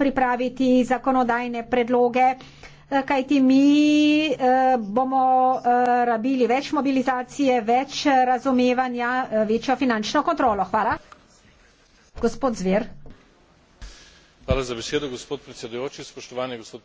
pripraviti zakonodajne predloge, eh, kajti mi eh, bomo eh, rabili več mobilizacije, več razumevanja, večjo finančno kontrolo. Hvala. Gospod Zver. Hvala za besedo, gospod predsedujoči, spoštovani gospod.